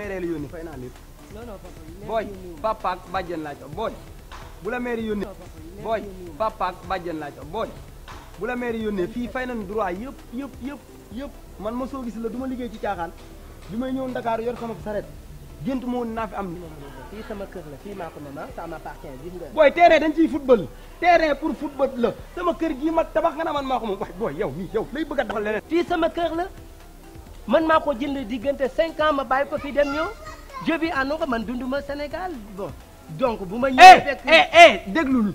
mairie la yónni fay naa lépp. booy papa ak bàjjen laa jox booy. bu la mairie yónnee booy papa ak bàjjen laa jox booy. bu la mairie yónnee fii fay droit yëpp yëpp yëpp yëpp man ma soo gis la du ma liggéey ci caaxaan bi may ñëw Ndakaaru yor sama saret gént moo naa fi am. fii sama kër la fii maa ko moom ah, ça m'appartient gis nga. booy dañ ciy football terrain pour football la sama kër gii mag tabax nga na man maa ko moom wax yow mii yow lay bëgg a leneen. fii sama kër la. man maa ko jënd diggante cinq ans ma bàyyi ko fi dem ñëw jeu bi ànd ko man dunduma senegal bon donc bu ma. ñëwee eh, fekk eh eh déglul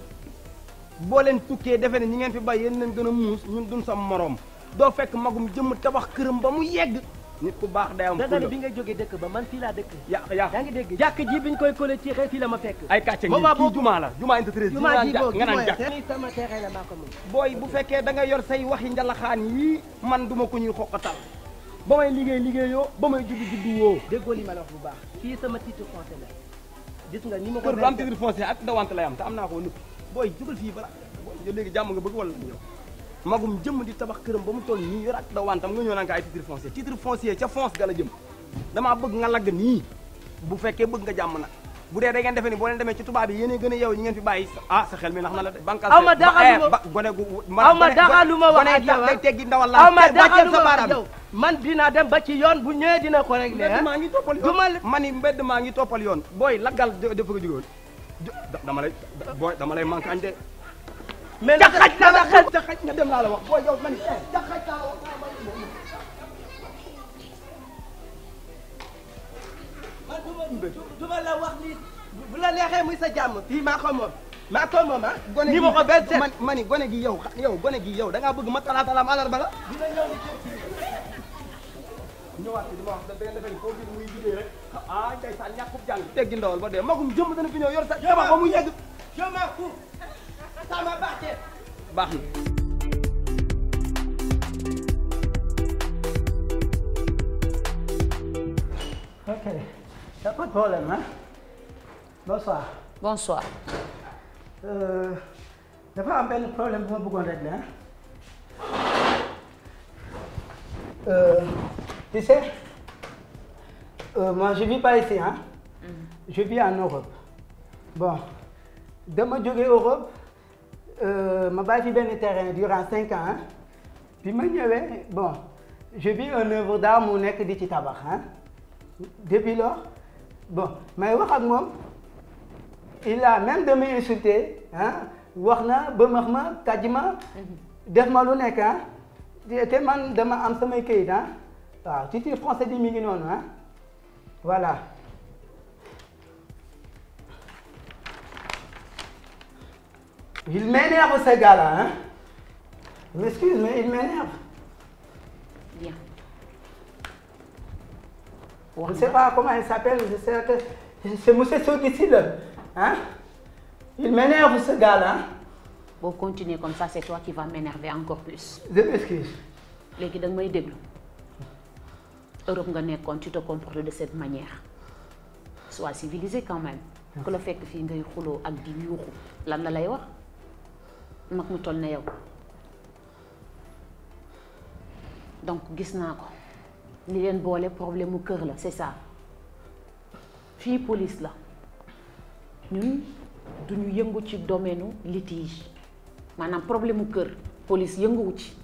boo leen tukkee defe ni ñi ngeen fi bay yéen leen gën a muus ñun duñ sa morom doo fekk magum jëmm tabax këram ba mu yegg. nit ku baax day am danga bi nga jógee dëkk ba man fii laa dëkk. ya ya yaa ngi dégg jàkk ji biñ koy collé ci xëy fii la ma fekk. ay kàcce ngi kii jumaa la jumaa interesse jumaa ji boobu nga naan jàkk sama teexee la maa ko moom. booy bu fekkee da nga yor man duma ko ñuy xoqatal ba may liggéey liggéeyoo ba may juddu juddu woo. déggoo li ma la bu baax kii sama titre foncier la gis nga ni ma ko. kër bu am titre foncier ak dawant lay am te am naa ko noppi booy jugal fii balaa yow léegi jàmm nga bëgg wala yow magum jëmm di tabax këram ba mu toll nii yor ak dawantam nga ñëw naan ko ay titre foncier titre foncier ca fonce gala jëm damaa bëgg nga lagg nii bu fekkee bëgg nga jàmm nag bu dee da ngeen defe ni boo leen demee ci tubaab yi yéen gën ñi ngeen fi bàyyi ah sa xel mi nax na la de banque aw ma daxaluma eh, gone gu aw ma daxaluma wax ak yow day teggi ndawal la ma daxaluma wax man dinaa dem ba ci yoon bu ñëwee dina ko réglé mbedd ah. maa ngi toppal yoon ma ni mbedd maa ngi toppal yoon booy la dafa ko jógoon dama lay booy dama lay manque añ de mais jaxaj na la xel jaxaj dem laa la wax booy yow man eh, jaxaj laa Koumbe. bu la neexee muy sa jàmm fii maa ko moom. maa ko moom ah. ma ko gi yow yow gone gi yow da bëgg ma talaatalaam alarba la. dina ñëw di jëm ñëwaat ah, baax na. Y a pas de problème, hein? Bonsoir. Bonsoir. Euh, dafa am benn problème bu ma bëggoon régler ah. tu sais euh, moi je vis pas ici ah. je vis en Europe. bon dama jógee Europe euh, ma bàyyi fi benn terrain durant cinq ans ah bi ma ñëwee bon je vis un œuvre d'art mu nekk di ci tabax ah depuis lors bon mais wax ak moom il a même damay insulté ah wax na ba max ma tàjji ma def ma lu nekk te man dama am samay kayit ah waaw titre français bi mi ngi noonu ah voilà il m'énerve ce gars-là hein m'excuse mais il m'énerve on ne sait pas sa il se je sais que c'est monsieur Sow là. Hein? Il m'énerve ce gars-là. Hein? Bon, continuer comme ça, c'est toi qui vas m'énerver encore plus. Je m'excuse. léegi da nga may déglu Europe nga nekkoon tu te comportes de cette manière sois civilisé quand même. ku la fekk fii ngay xuloo ak di yuuxu lan la lay wax mag mu toll na yow donc gis naa ko. li leen boole problème mu kër la c'est ça fii police la du ñu yëngu ci domaine litige maanaam problème mu kër police yënguwu ci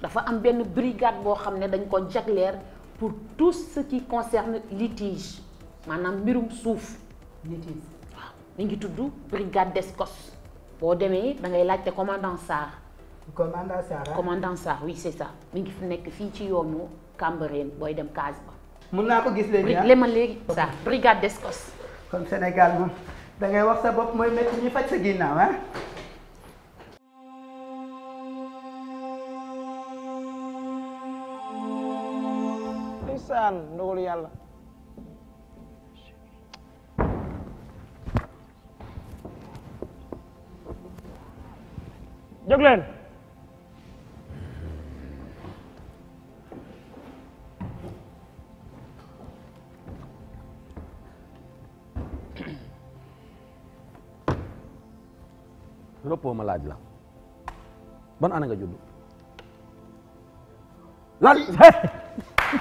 dafa am benn brigade boo xam ne dañ ko jagleer pour tout ce qui concerne litige maanaam mbirum suuf litige waaw ngi tudd brigade d'Escosse boo demee da ngay laajte commandant Sarr commandant Sarr oui c'est ça mi ngi fi nekk fii ci yoonu Cambérène booy dem Kaas ba. mun naa ko gis léegi ah léegi brigade d'Escos. kon Sénégal moom wax sa bop mooy métti ñi faj sa ginnaaw ah. ndeysaan ndogalu yàlla. jóg noppoo ma laaj la ban ana nga judd lan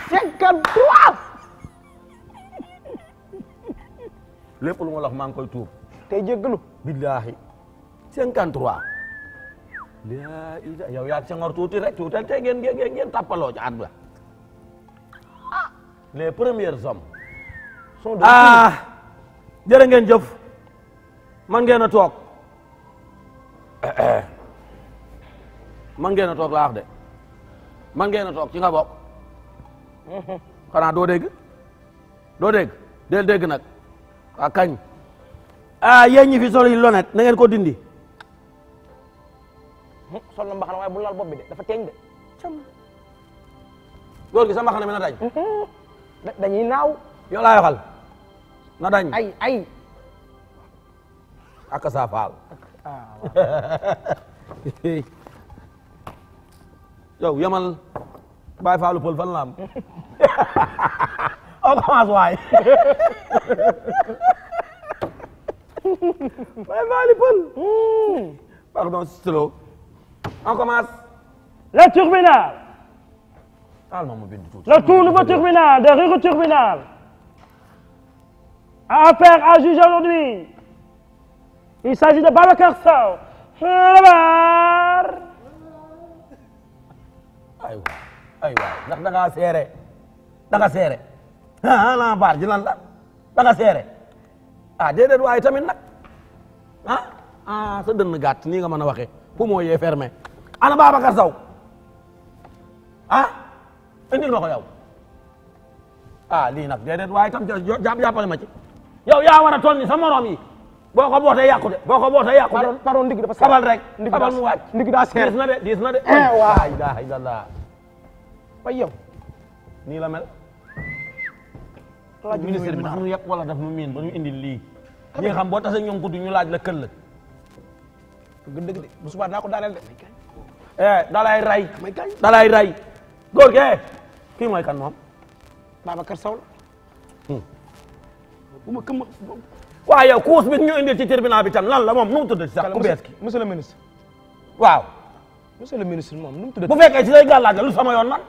cinquante trois lépp lu ma maa ngi koy tuur tey jéggalu billaahi cinquante trois laa ila yow yaag Senghor tuuti rek tuutal tey ngeen ngeen ngeen tàppaloo ci at ba les premiers hommes sont de ah ngeen jëf man ngeen a toog man ngeen a toog laa wax de man ngeen a toog ci nga bokk xanaa doo dégg doo dégg del dégg nag waa kañ ah yéen ñi fi soli lonet na ngeen ko dindi sol na mbaxana waaye bu laal bopp de dafa teeñ de góor gi sa mbaxana mi na dañ dañuy naaw yow laa na dañ ay ay ak faal yow yamal bàyyi faalu pël fan on commence waay bàyyi faalu pël pardon stylo on commence le tribunal le tout nouveau tribunal de Rirou Tribunal a affaire à juger aujourd'hui Il s'agit de Babacar Sow xabaar ay waay ay waay ndax da ngaa seere da nga seere ah naa baar ji lan la da nga seere ah déedéet waaye tamit nag ah ah sa dënn gàtt nii nga mën a waxee fu moo yee fermé ana Babacar Sow ah indil ma ko yow ah lii nag déedéet waaye tam jàppale ma ci yow yaa war a toll ni sa morom yi boo ko bootee yàqu de boo ko bootee yàqu de. pardon ndig dafa seer abal rek. ndig abal mu wàcc ndig daa seer diis na de diis na de. Eh, waa ilaha illallah. fay yow. nii la mel. laaj ministère bi daf ñu yàq wala daf ñu miin ba ñu indi lii. ñi nga xam boo tasee ñoom gudd ñu laaj la këll. gën dëgg de bu subaa naa ko daaneel de. eh dalay ray. dalay ray. góor ge eh, kii mooy kan moom. Babacar Sow la. Hmm. bu ma këm waaye yow course bi ñu indil ci bi tam lan la moom nu mu tudd ci sax ku bees ki monsieur le ministre waaw bu fekkee ci lay lu sama yoon man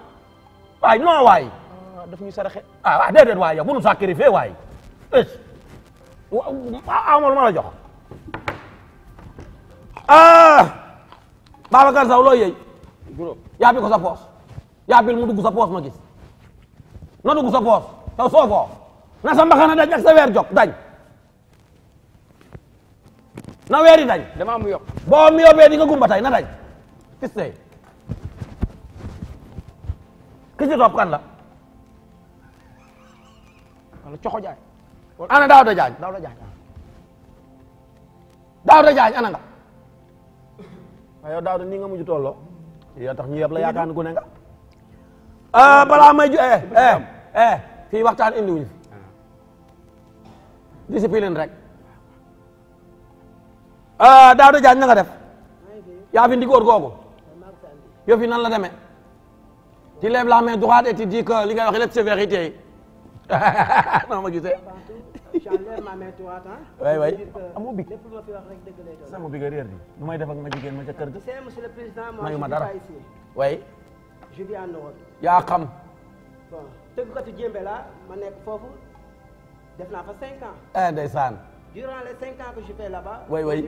waay non waay ah, daf ñu saraxe ah waaw déedéet waay yow bu nu sacrifié waay ah, ma la jox ah Babacar Sow looy yey yàbbi ko sa poos yàbbil mu dugg sa poos ma gis na dugg sa poos taw soo foo na sa mbaxana daj ak sa weer jog dañ na weeri dañ dama am yob boo am yobee di nga gumba tey na dañ fis tey ki ci topp kan ana daaw da jaañ daaw da jaañ ah. daaw ana nga waaye yow da nii nga mujj tolloo yoo tax ñu yeb la yaakaar ne ku ne nga ah, balaa may ju eh eh eh fii waxtaan indiwuñu ah. discipline rek Ah, Daouda Diagne na nga def yaa fi ndigoor googu yow fi nan la demee tu lèves la main droite et tu dis que li nga wax lépp c'est vérité non ma gisee. j'enlève ma main droite ah. bi lépp lu ma fi bi nga réer bi def ak ma jigéen ma ca kër ga. c'est monsieur le président moi je vis yaa xam. bon tëggkatu jéembe la ma foofu def naa fa cinq ans. Eh, durant les cinq ans que je fais là-bas. oui oui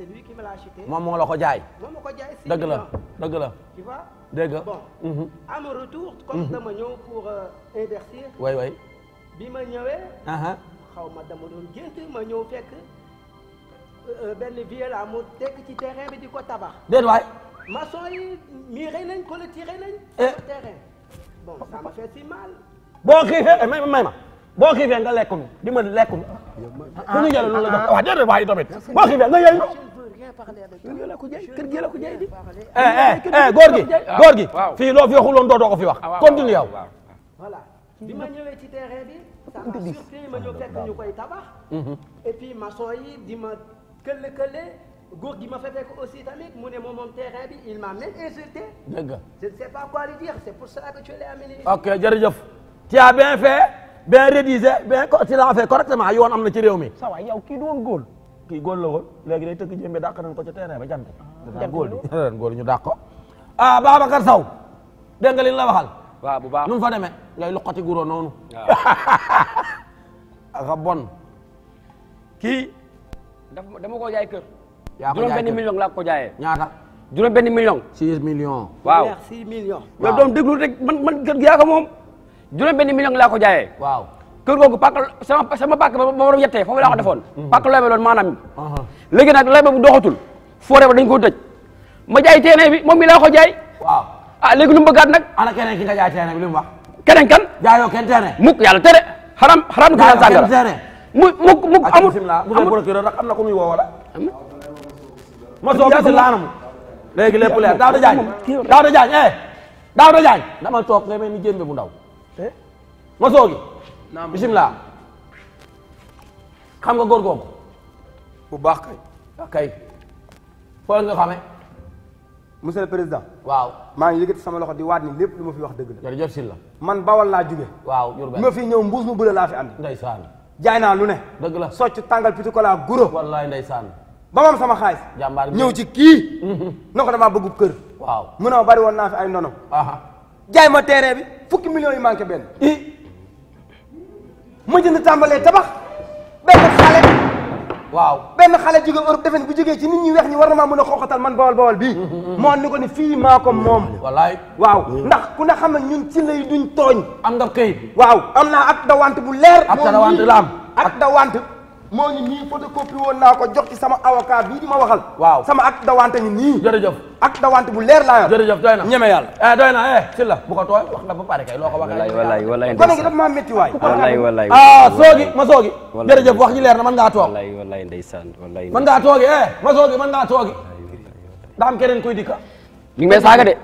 ñu uh-huh. moom moo la ko jaay. moom moo ko jaay si dëgg la dëgg la. tu vois dëgg la bon. Mm-hmm. à mon retour. comme mm-hmm. dama euh, ma ñëwee. Uh-huh. xaw ma doon gént ma ñëw fekk. Euh, benn vieux la mu tekk ci terrain bi di ko tabax. déedéet waay. maçon yi miiré nañ ko la tiré nañ. Eh. terrain bon ça m'a fait si mal. boo xëy eh, may ma may ma. boo xiifee nga lekk di ma lekk nu ah. ku ñu jëlee loolu la jox ah. waaw déedéet waaye tamit nga yëy kër di eh, eh, eh, góor gi góor fii loo fi waxuloon doo doo ko fi wax ah, continue yow ma ñëwee ci bi ça m'a surpris ma mm-hmm. di ma këlle këlle góor gi ma fa fekk aussi tamit mu ne moom moom terrain bi il m'a même insulté dëgg je ne sais pas quoi lui dire bien rédigé bien si la fait correctement yoon am na ci réew mi. sa waay yow kii doon góol. kii góol la woon léegi day tëgg jëmbe dàq nañ ko ca terrain ba jant. Ah, jant góol góol ñu dàq ko. ah Babacar Sow dégg nga li la waxal. waaw bu baax nu mu fa demee ngay loqati guro noonu. waaw bon. kii. dafa dama ko jaay jaay kër juróom benn million laa ko jaayee. ñaata. juróom benn million. six millions. waaw six doom déglu rek man man kër moom. juróom benn million laa ko jaayee. waaw kër googu pàkk sama sama ba ma war a yettee foofu laa ko mm-hmm. defoon. Mm-hmm. pàkk looy ba loon maanaam. Uh-huh. léegi nag looy ba bu doxatul foore ba dañ ko tëj ma jaay teene bi moom mi laa ko jaay. a ah léegi lu mu bëggaat nag. ana keneen ki nga jaay teene bi lu mu wax. keneen kan. jaayoo kenn teene. mukk yàlla tere. xaram xaram du naan sàngara mu mukk mukk amul amul am na ko muy woo wala. ma soog si laanam léegi lépp leer Daouda Diagne Daouda Diagne eh Daouda Diagne dama toog nga mel ni jëmbe bu ndaw mosoo gi. naam bisimilah. xam nga góor googu. bu baax kay. Ah, kay. foo nga xame monsieur le président. waaw maa ngi yëkkati sama loxo di waat ni lépp lu ma fi wax dëgg la. jërëjëf Sylla. man bawal laa jóge. waaw Diourbel ma fi ñëw mbuus mu bële laa fi andi. ndeysaan. jaay naa lu ne. dëgg la socc tàngal pitikolaa guro. wallaay ndeysaan. ba moom sama xaalis. jàmbaar ñëw ci kii. na ko damaa bëgg kër. waaw mu ne ma bari woon naa fi ay ndono. jaay ma terrain fukki millions yi manqué benn. ma jënd tàmbalee tabax benn xale waaw benn xale jóge Europe defe bu jógee ci ni ñi weex ñi war na maa mën a xooxatal man bawal bawal bii moo ni ko ni fii maa ko moom wallaay waaw ndax ku ne xam na ñun ci lay duñ tooñ am nga këyit waaw am naa ak dawante bu leer ak dawante la dawante moo ngi nii photocopie woon naa ko jox sama avocat bii di ma waxal. waaw sama ak dawante ngi nii. jërëjëf ak dawante bu leer laa yor. jërëjëf doy na ñeme yàlla. eh doy na eh si la bu ko tooy wax nga ba pare kay loo ko wax. wallaay wallaay wallaay ndeysaan kon nag dafa ah, soogi ma soogi. wallaay jërëjëf wax ji leer na mën ngaa toog. wallaay wallaay ndeysaan wallaay. mën ngaa toogi eh ma soogi mën ngaa toogi. ndax am keneen kuy dikka. mi ngi may saaga de.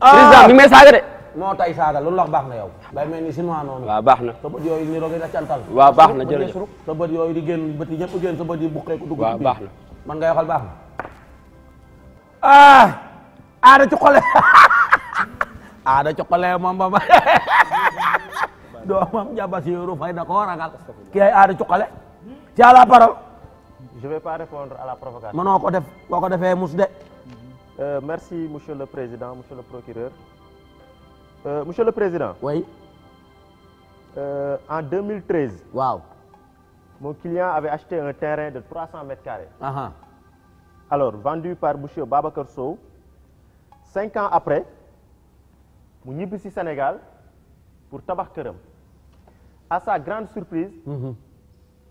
Ah. président mi ngi saaga de. moo tay saada lu lox baax na yow bay mel ni sinuwaa noonu waaw baax na sa bët yooyu ni roog da cantal waaw baax na jërëjëf sa bët yooyu di génn bët yi ñëpp génn sa bët yi buqeeku dugg waaw baax na man ngay waxal baax na ah aada ci xole aada ci xole moom ba ma doomam jaba si yoru fay da def boo ko defee mus de euh, merci monsieur le président monsieur le procureur Euh, monsieur le président. oui. Euh, en 2013. waaw. mon client avait acheté un terrain de 300 mètres carrés. Uh -huh. alors vendu par monsieur Babacar Sow. cinq ans après mu ñibbi si Sénégal pour tabax këram. à sa grande surprise. Mhm.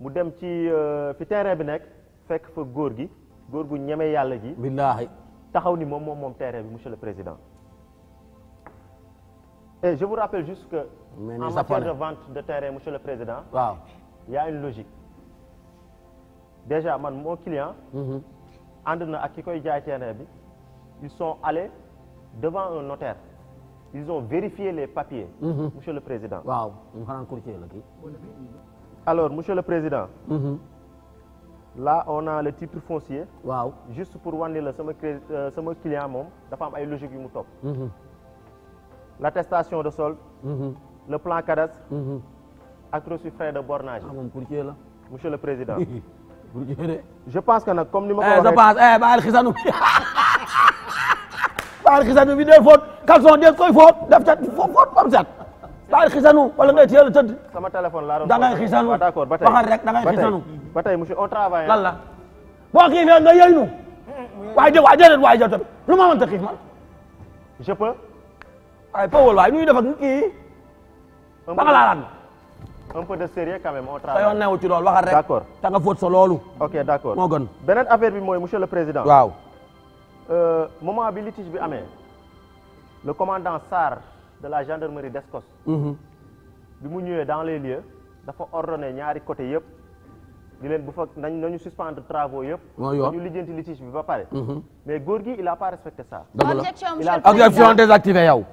mu dem ci euh, fi terrain bi nekk fekk fa góor gi góor gu ñeme yàlla gi. billaahi taxaw ni moom moom moom terrain bi monsieur le président. et je vous rappelle juste que. Mais en matière de vente de terrain monsieur le président. waaw il y a une logique déjà man mon client. Mhm. ànd na ak ki koy jaay terrain bi ils sont allés devant un notaire ils ont vérifié les papiers. Mm monsieur le président. waaw xanaa alors monsieur le président. Mm -hmm. là on a le titre foncier. waaw juste pour wane la sama euh, sama client moom dafa am ay logique yu mu topp. Mhm. l'attestation de solde. Mhm. le plan cadastre. Mhm. ak reçu frais de bornage. ah moom courtier la. monsieur le président. courtier de. je pense que nag comme ni ma ko eh, waxee. je pense eh baal xisanu bi baal xisanu bi day fóot caleçon de koy fóot daf cat fóot fóot bam sat baal xisanu wala ngay teel a tëdd. sama téléphone laa doon da ngay xisanu waaw d'accord ba tey waxal rek da ngay xisanu. ba tey monsieur au travail. lan la boo xiifee nga yëy nu. waaye de waaye déedéet waaye jot tamit lu ma mënta xiif man. je peux. waaye Powal waaye ñuy def ak kii. ba nga laalaan. un peu de sérieux quand même au travail. te yoon newu ci loolu waxal rek. d'accord te nga fóot sa loolu. ok d'accord moo gën. beneen affaire bi mooy monsieur le président. waaw. Euh, moment bi litige bi amee. le commandant Sarr de la gendarmerie d'Escos. Mm-hmm. bi mu ñëwee dans les lieux dafa ordonné ñaari côté yëpp. di leen bu fa nañ nañu suspendre travaux yëpp. ñu lijjanti litige bi ba pare. Mm-hmm. mais góor gi il a pas respecté ça. dëgg la objection yow.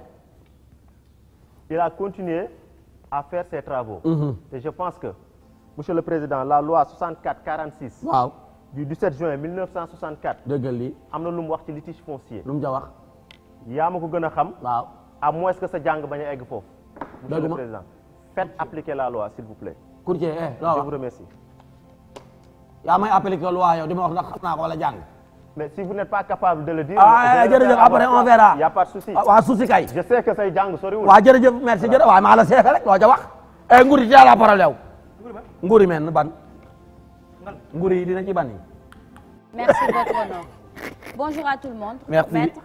il a continuer à faire ses travaux. Mmh. je pense que, monsieur le président, la loi 64-46 waaw du 17 juin 1964. dëggal lii am na lu mu wax ci litige foncier. lu mu ja wax. yaa ma ko gën a xam. waaw à moins que sa jàng bañ a egg foofu. monsieur le président faites appliquer la loi s'il vous plaît. courtier eh. je vous remercie. yaa may appliquer loi yow di ma wax ndax xam naa ko wala jàng. mais si vous n'êtes pas capable de le ah, a pas de ah, kay. je sais que say jàng soriwul. loo ca wax. Eh, nguur yi ca la parole yow. nguur yi ban. nguur yi dina ci bonjour à tout le monde. merci maître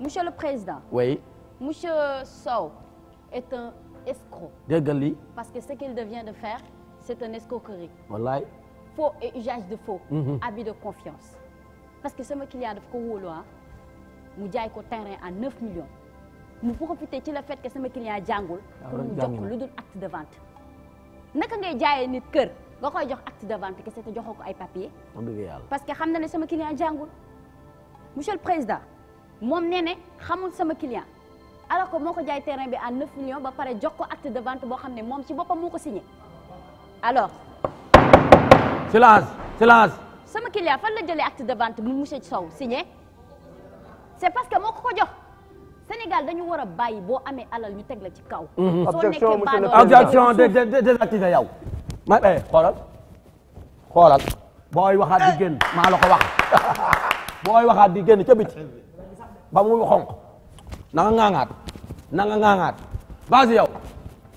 monsieur le président. oui. monsieur Sow est un escroc. déggal parce que ce qu'il devient de faire c'est un escroquerie. wallaay. faux et usage de faux. Mhm. abus de confiance. parce que sama client dafa ko wóolu ah. mu jaay ko terrain à 9 millions mu profité ci la fait que sama client jàngul. Ah, pour mu jox lu dul acte de vente. naka ngay jaayee nit kër nga koy jox acte de vente kese te joxoo ko ay papier. parce que xam na ne sama client jàngul. monsieur le président moom nee ne xamul sama client alors que moo ko jaay terrain bi à 9 millions ba pare jox ko acte de vente boo xam ne moom ci boppam ko signé alors. silence silence. sama client fan la jëlee acte de vente bi monsieur Sow nge c'est parce que moo ko ko Sénégal dañu war a bàyyi boo amee alal ñu teg la ci kaw. Mhm. objection monsieur le président objection désactivé yow. ma eh xoolal xoolal booy waxaat di génn maa la ko wax booy waxaat di génn ca biti ba mu xonq na nga ŋaaŋaat na nga ŋaaŋaat vas-y yow.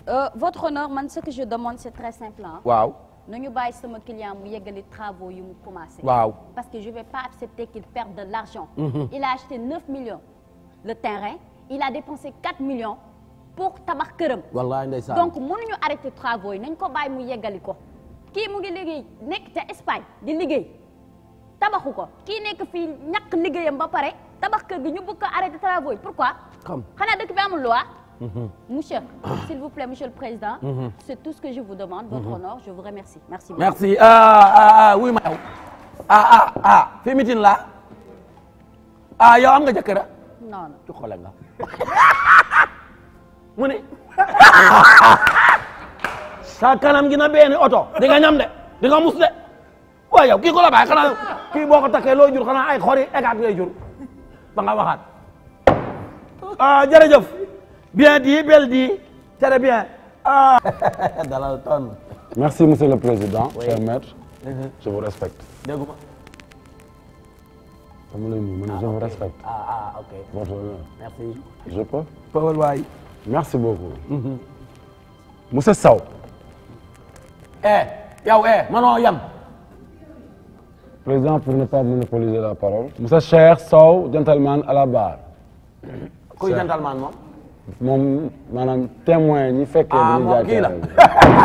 Euh, votre honneur man ce que je demande c'est très simple ah. waaw. nañu bàyyi sama client mu yeggali travaux yi mu commencé. waaw parce que je vais pas accepter qu'il perde de l'argent mhm. il a acheté 9 millions le terrain il a dépensé 4 millions pour tabax këram. wallaay ndeysaan donc mënuñu arrêter travaux yi nañ ko bàyyi mu yeggali ko. kii mu ngi liggéey nekk ca Espagne di liggéey tabaxu ko kii nekk fii ñàkk liggéeyam ba pare tabax kër gi ñu bëgg ko arrêter travaux yi pourquoi. xam dëkk bi amul loi. Mm-hmm. monsieur s'il vous plaît monsieur le président. Mm-hmm. c'est tout ce que je vous demande. votre mm-hmm. honneur je vous remercie merci. merci ah ah, ah ma yow ah ah ah fi mitin la ah yow am nga jëkkër ah? non non ci nga mu ne. sa kanam gi na benn oto di nga ñam de di mus de waaye yow kii ko la bàyyi xanaa kii boo ko takkee loo jur xanaa ay xori écart ngay jur ba nga waxaat ah bien dit bel dit très bien ah. dalal tonn. merci monsieur le président. oui cher maître. Mhm. je vous respecte. dégguma. dama lay nuyu ah, ah, ah, merci. beaucoup. Mhm. monsieur Sow. eh yow eh mënoo yem. président pour ne pas monopoliser la parole. monsieur Cheikh Sow gentleman à la barre. kuy gentleman moom. moom maanaam témoin ñi fekkee. ah moom kii la bu ñu jaay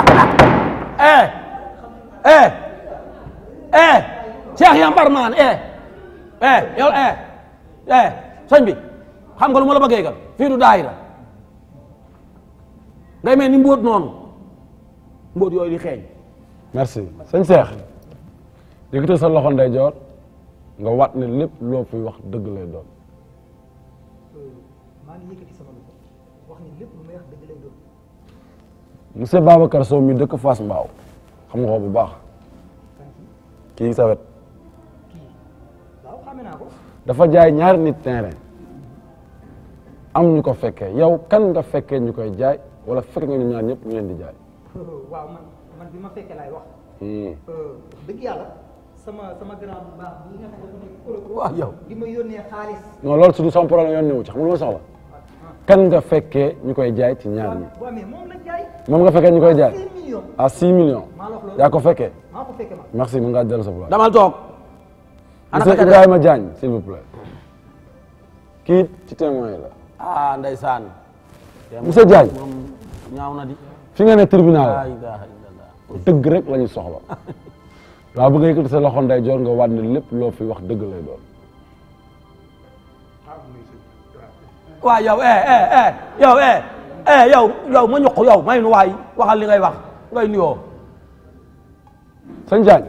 eh eh eh Cheikh Yambar Maane eh eh yow eh eh sëñ bi xam nga lu ma la bëggee kat fii du daayira ngay mel ni mbóot noonu mbóot yooyu di xeeñ. merci sëñ Cheikh yëkkati sa loxo ndeyjoor nga wat ne lépp loo fi wax dëgg lay doon. Euh, maa ngi yëkkati sama loxo. mu ni lépp lu may wax mi dëkk Fass mbaaw xam nga bu baax. kii sa wet. dafa jaay ñaari nit terrain am ñu ko fekkee yow kan nga fekkee ñu koy jaay wala fekk nga ñu ñaar ñëpp ñu leen di jaay. waaw man man hmm. euh, sama sama grand bu baax bi nga xam ne waaw yow. yoon ñëw ci xam nga lu soxla. kan nga fekkee ñu koy jaay ci ñaar ñi moom nga fekkee ñu koy jaay à six millions yaa ko fekkee merci mën nga dellu sa place damal toog monsieur Ibrahima Diagne s'il vous plaît kii ci témoin la ah ndeysaan monsieur Diagne ñaaw na di fi nga ne tribunal dëgg rek la ñu soxla waaw bëgg nga yëkkati sa loxo joor nga wànne lépp loo fi wax dëgg lay doon waa yow eh eh eh yow eh eh yow ma ñoq yow may nu waay waxal li ngay wax ngay nuyoo. sëñ Diagne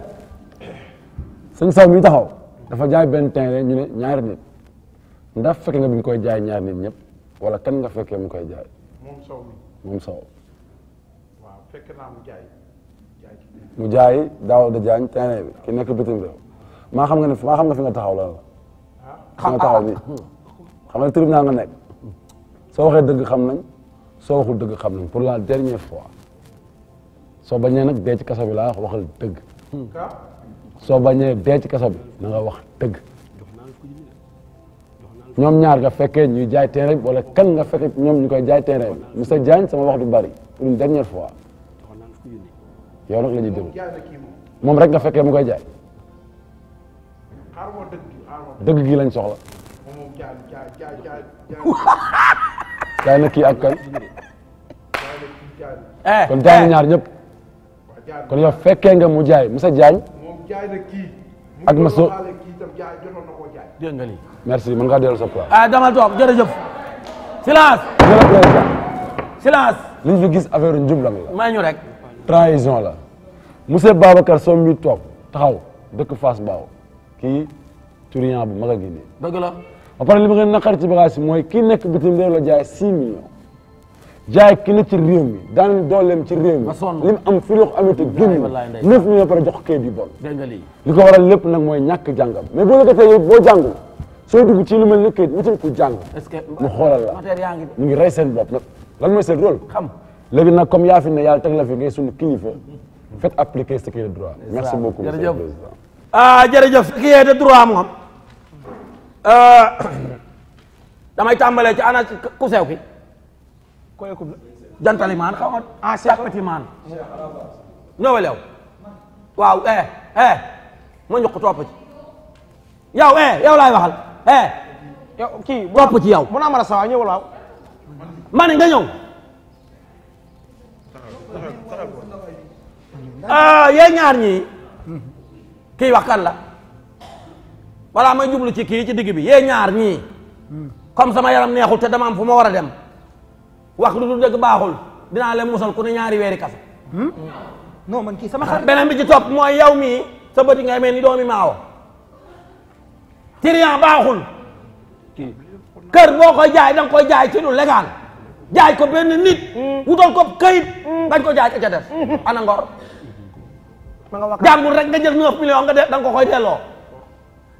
sëñ Sow mi taxaw dafa jaay benn terrain ñu ne ñaari nit ndax fekk nga bi koy jaay ñaari nit ñëpp wala kan nga fekkee mu koy jaay. mu jaay. mu jaay daaw da jaañ terrain ki nekk bitim réew maa xam nga ne maa xam nga fi nga taxaw la ah. la. nga taxaw nii. xam nga nga nekk soo waxee dëgg xam nañ soo waxul dëgg xam nañ pour laa dernière fois soo bañee nag dee ci bi laa wax waxal dëgg soo bañee dee ci kaso bi na wax dëgg ñoom ñaar nga fekkee ñuy jaay terrain bi wala kan nga fekkee ñoom ñu koy jaay terrain bi monsieur Diagne sama wax du bari pour une dernière fois yow nag la ñuy déglu moom rek nga fekkee mu koy jaay dëgg gi lañ soxla jaay na kii ak kan eh, kon jaay na ñaar eh. ñëpp kon yow fekkee nga mu jaay Moussa Diagne ak Masso dégg nga lii merci mën ngaa dellu sa place ah eh, dama toog jërëjëf silence silence li ñu fi gis affaire njublang la may ñu rek trahison la monsieur Babacar Sow mi toog taxaw dëkk Fass Mbao kii turian bu mag a ba pare li ma gën naqar ci bagage bi mooy kii nekk bitim réew la jaay 6 millions jaay ki ne ci réew daan dooleem ci réew mi li mu am fii la ko amee te génn neuf millions pare jox kayit yu bon li ko waral lépp nag mooy ñàkk jàngam mais boo lëkkatee yow boo jàngul soo dugg ci lu mel ni kayit wutal ku jàng mu xoolal la ñu ngi rey seen bopp nag lan mooy seen rôle xam léegi comme yaa fi ne yàlla teg la fi ngay sunu kilifa faites appliquer ce qui est de droit merci beaucoup monsieur le président ah jërëjëf ce Euh, dama tàmbalee ci ana ku sew ki koyeku jantalimaan xaw ma ah Cheikh Patimaan noo lew waaw eh eh ma ñu ko topp ci yow eh yow laay waxal eh yow kii topp ci sawa ñëwul waaw ma ne nga ñëw ah, yéen ñaar ñii kii wax la balaa may jublu ci kii ci digg bi yee ñaar ñii comme sama yaram neexul te dama am fu ma war a dem wax lu dul dëgg baaxul dinaa leen musal ku ne ñaari weeri kaso hmm? non man kii sama xarit beneen bi ci topp mooy yow mii sa bëti ngay mel ni doomi maawo tiriyan baaxul kër boo koy jaay da koy jaay ci lu légal jaay ko benn nit hmm. wutal ko këyit hmm. dañ ko jaay ca ca def ana ngor jàngul rek nga jël neuf millions nga dang da ko koy delloo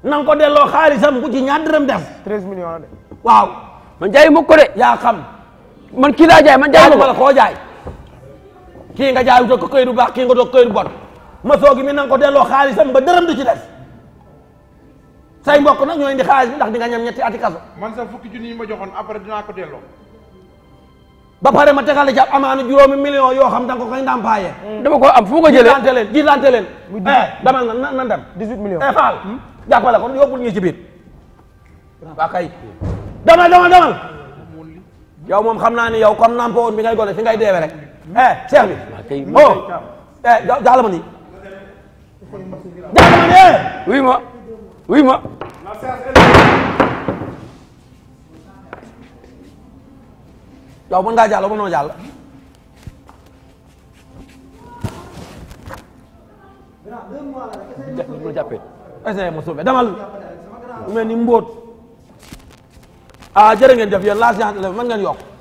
na nga ko delloo xaalisam bu ci ñaar dërëm def. 13 millions la de. waaw. man jaay ma ko de. yaa xam. man kii laa jaay man jaay ma la koo jaay. kii nga jaay ko këyit bu baax kii nga doog këyit bu bon. ma soogi mi na nga ko delloo xaalisam ba dërëm du ci def. say mbokk nag ñoo indi xaalis bi ndax di nga ñam ati kaso. man sa fukki junni yi ma joxoon après dinaa ko delloo. ba pare ma tegal ci amaana juróomi million yoo xam da nga ko koy ndàmpaayee. dama ko am fu ko jàppale ko yóbbul ñu ci biir waa kay demal demal demal yow moom xam naa ni yow comme nampo woon bi ngay gone fi ngay deewee rek eh cheikh bi oh eh, jaala ma ni jaala ma ni eh wuy ma wuy ma yow mën ngaa jàll mën noo jàll essayé ma sauvé demal mu mel ni mbóot ah jërë ngeen jëf yéen laa mën ngeen yokk